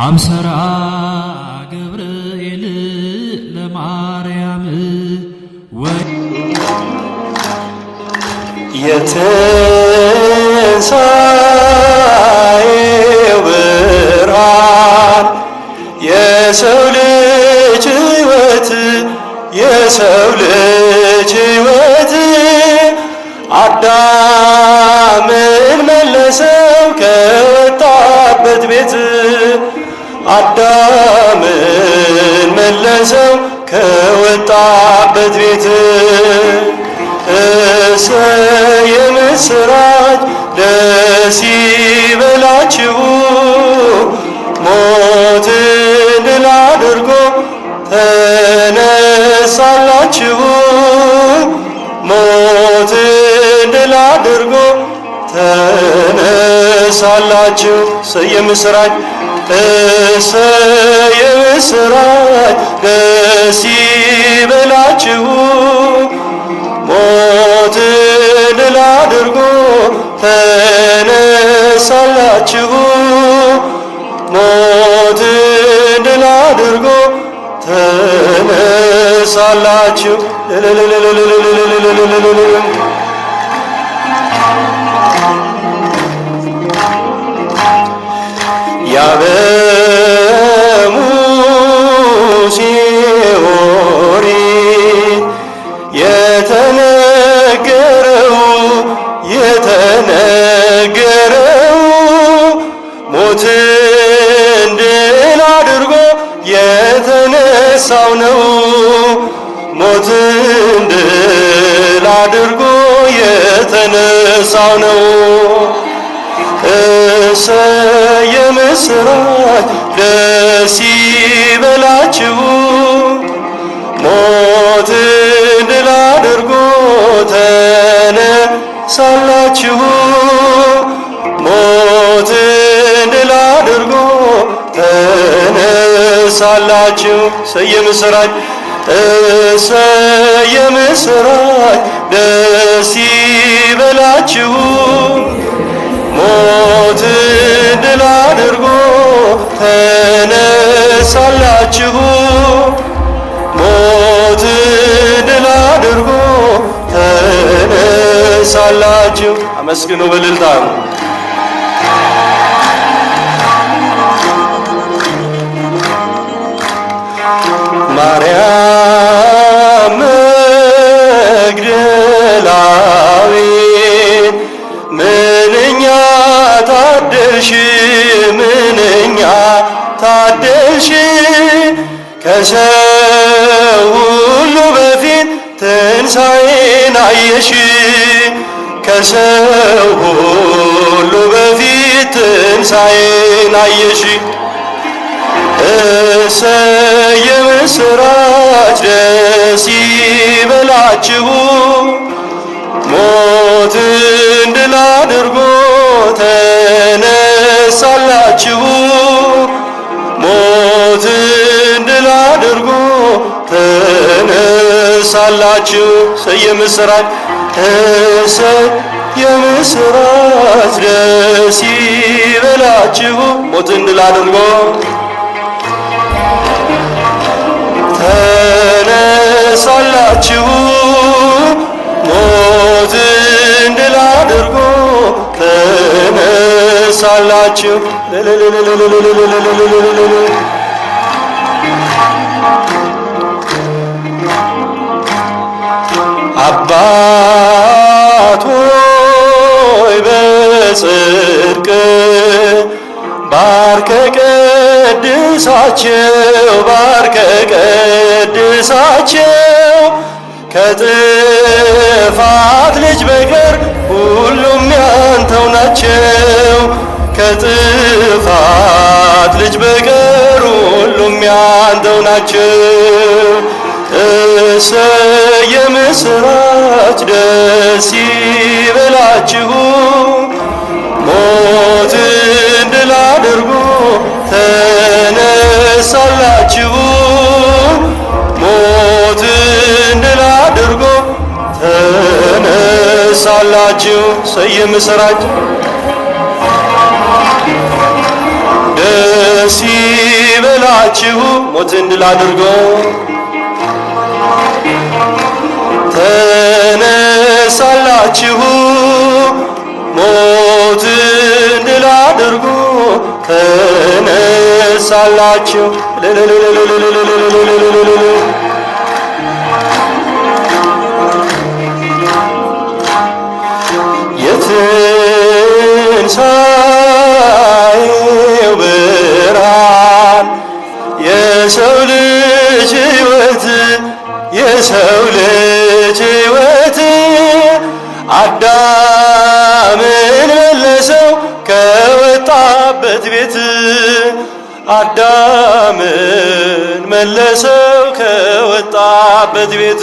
አምሰራ ገብርኤል ለማርያም የትንሣኤው ብርሃን የሰው ልጅ ሕይወት የሰው ልጅ ሕይወት አዳምን መለሰው ከወጣበት ቤት አዳምን መለሰው ከወጣበት ቤት እሰ የምስራች ደስ ይበላችሁ ሞትን ድል አድርጎ ተነሳላችሁ ሞትን ድል አድርጎ ተነሳላችሁ እሰየ ምስራች እሰይ የምስራች ደስ ይበላችሁ ሞትን ድል አድርጎ ተነሳላችሁ ሞትን ድል አድርጎ ተነሳላችሁ ጌታው ነው። እሰየ ምስራት፣ ደስ ይበላችሁ ሞት ድል አድርጎ ተነሳላችሁ ሞት ድል አድርጎ ተነሳላችሁ። እሰየ ምስራት፣ እሰየ ምስራት ደስ ይበላችሁ ሞት ድል አድርጎ ተነሳላችሁ ሞት ድል አድርጎ ተነሳላችሁ። አመስግኑ በልልታ ከሰው ሁሉ በፊት ትንሣኤን አየሽ ከሰው ሁሉ በፊት ትንሣኤን አየሽ እሰየ የምስራች ደስ ይበላችሁ ሞትን ድል አድርጎ ተነሳላችሁ ሳላችሁ የምስራች እሰ የምስራች ደስ ይበላችሁ ሞትን ድል አድርጎ ተነሳላችሁ ሞትን ድል አድርጎ ተነሳላችሁ ባርከ ቀድሳቸው ባርከ ቀድሳቸው ከጥፋት ልጅ በቀር ሁሉም ያንተው ናቸው። ከጥፋት ልጅ በቀር ሁሉም ያንተው ናቸው። እሰየ የምስራች ደስ ይበላችሁ ያላችሁ ሰይም ስራች ደስ ይበላችሁ ሞትን ድል አድርጎ ተነሳላችሁ ሞትን ድል አድርጎ ተነሳላችሁ አዳምን መለሰው ከወጣበት ቤት አዳምን መለሰው ከወጣበት ቤት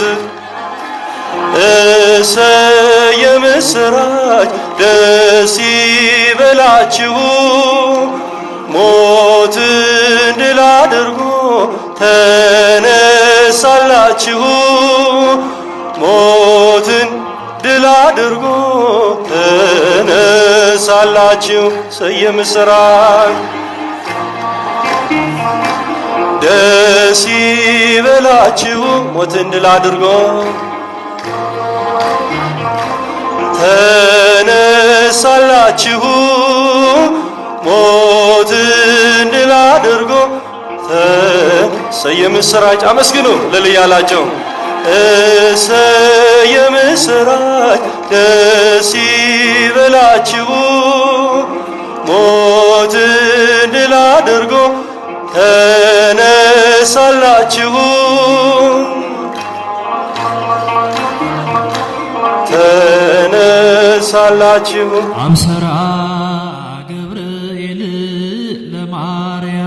እሰየ ምስራች ደስ ይበላችሁ ሞትን ድል አድርጎ ተነሳላችሁ ድል አድርጎ ተነሳላችሁ ሰየም ሰየምስራቅ ደስ ይበላችሁ ሞትን ድል አድርጎ ተነሳላችሁ ሞትን ድል አድርጎ ሰየም ስራጭ አመስግኑ ልልያላቸው እሰየ ምስራች ደስ ይበላችሁ ሞትን ድል አድርጎ ተነሳላችሁ ተነሳላችሁ አምሰራ ገብርኤል ለማርያም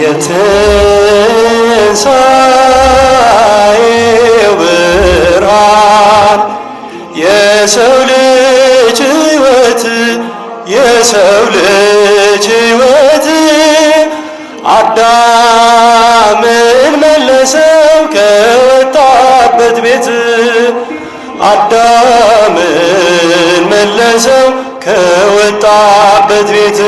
የትንሣኤው ብርሃን የሰው ልጅ ሕይወት የሰው ልጅ ሕይወት አዳምን መለሰው ከወጣበት ቤት አዳምን መለሰው ከወጣበት ቤት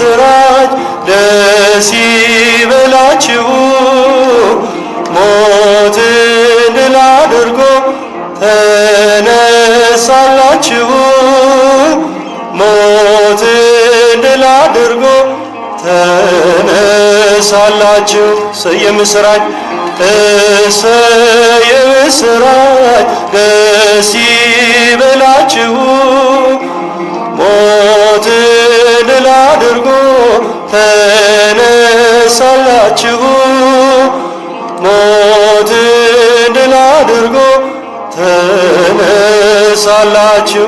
ምስራች ደስ ይበላችሁ ሞትን ድል አድርጎ ተነሳላችሁ ሞትን ድል አድርጎ ተነሳላችሁ እሰየ ምስራች እሰየ ምስራች ደስ ይበላችሁ ሞትን ድል አድርጎ ተነሳላችሁ፣ ሞትን ድል አድርጎ ተነሳላችሁ።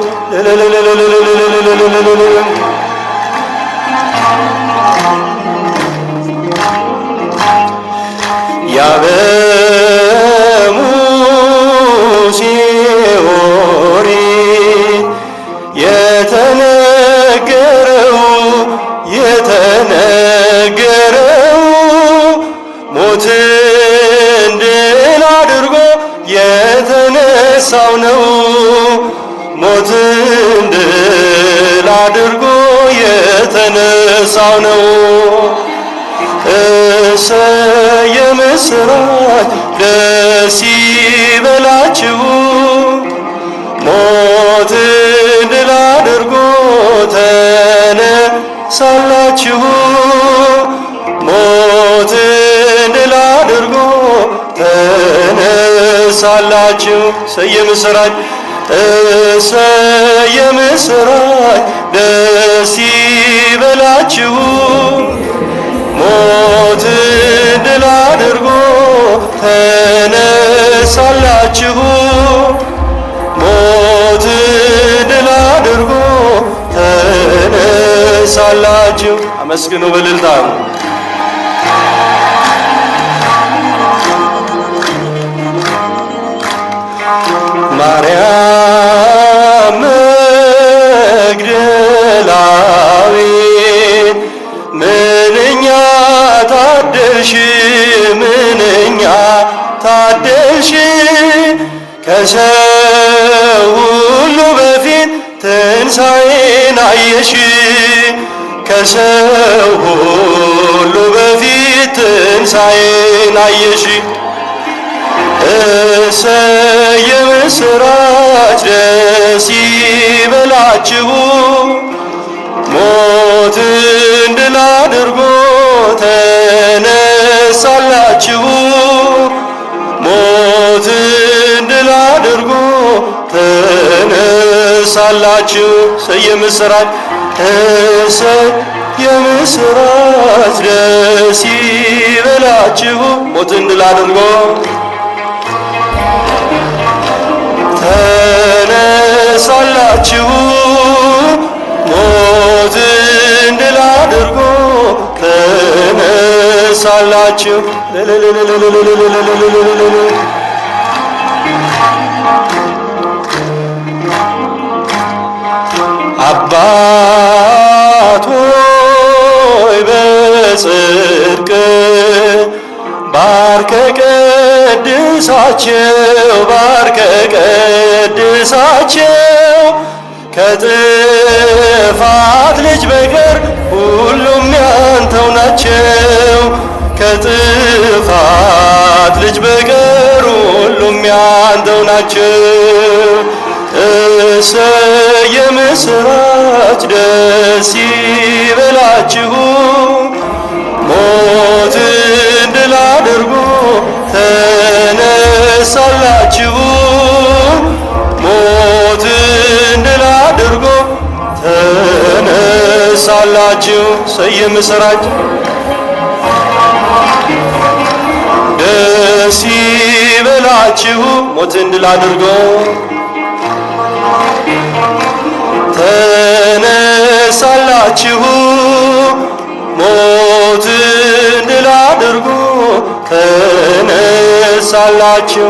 ሰው ነው ሞትን ድል አድርጎ የተነሳው ነው። እሰየ ምስራች፣ ደስ ይበላችሁ ሞትን ድል አድርጎ ተነሳላችሁ። ሳላችሁ ሰየምስራች ሰየምስራች ደስ ይበላችሁ ሞት ድል አድርጎ ተነሳላችሁ ሞት ድል አድርጎ ተነሳላችሁ። አመስግኑ በልልታ ማርያም መግደላዊት ምንኛ ታደልሽ ምንኛ ታደልሽ ከሰው ሁሉ በፊት ትንሣኤን አየሽ ከሰው ሁሉ በፊት ትንሣኤን አየሽ እሰይ የምስራች ደስ ይበላችሁ፣ ሞትን ድል አድርጎ ተነሳላችሁ፣ ሞትን ድል አድርጎ ተነሳላችሁ። እሰይ የምስራች እሰይ የምስራች ደስ ይበላችሁ፣ ሞትን ድል አድርጎ ተነሳላችሁ ሞትን ድል አድርጎ ተነሳላችሁ አባት ሆይ በጽድቅ ባርከቀ ቀድሳቸው ባርከ ቀድሳቸው ከጥፋት ልጅ በቀር ሁሉም ያንተው ናቸው። ከጥፋት ልጅ በቀር ሁሉም ያንተው ናቸው። እሰየ ምስራች ደስ ይበላችሁ ታውቃላችሁ። ሰይም ስራች ደስ ይበላችሁ፣ ሞትን ድል አድርጎ ተነሳላችሁ፣ ሞትን ድል አድርጎ ተነሳላችሁ።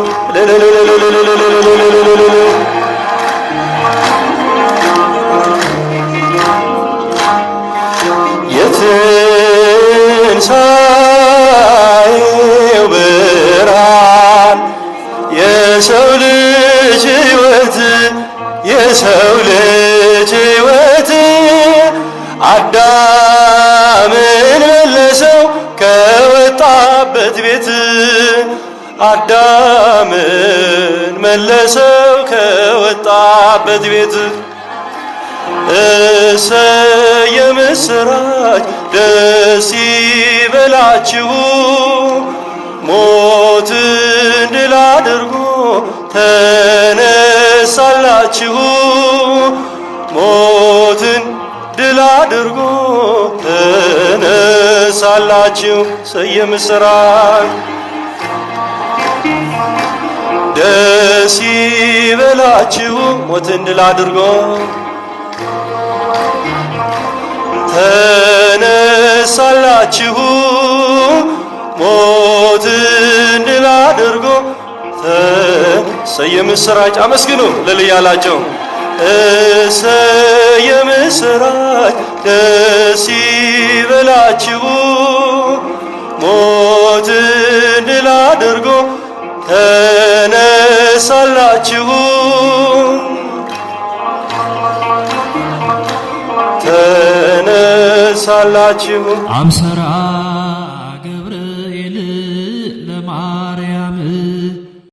ቤት አዳምን መለሰው ከወጣበት ቤት። እሰ የምስራች ደስ ይበላችሁ፣ ሞትን ድል አድርጎ ተነሳላችሁ፣ ሞትን ድል አድርጎ ሳላችሁ ስዩም ምስራች ደስ ይበላችሁ ሞትን ድል አድርጎ ተነሳላችሁ ሞትን ድል አድርጎ ስዩም ምስራች አመስግኑ ልል ያላቸው ስዩም ደስ ይበላችሁ ሞትን ድል አድርጎ ተነሳላችሁ ተነሳላችሁ አምሰራ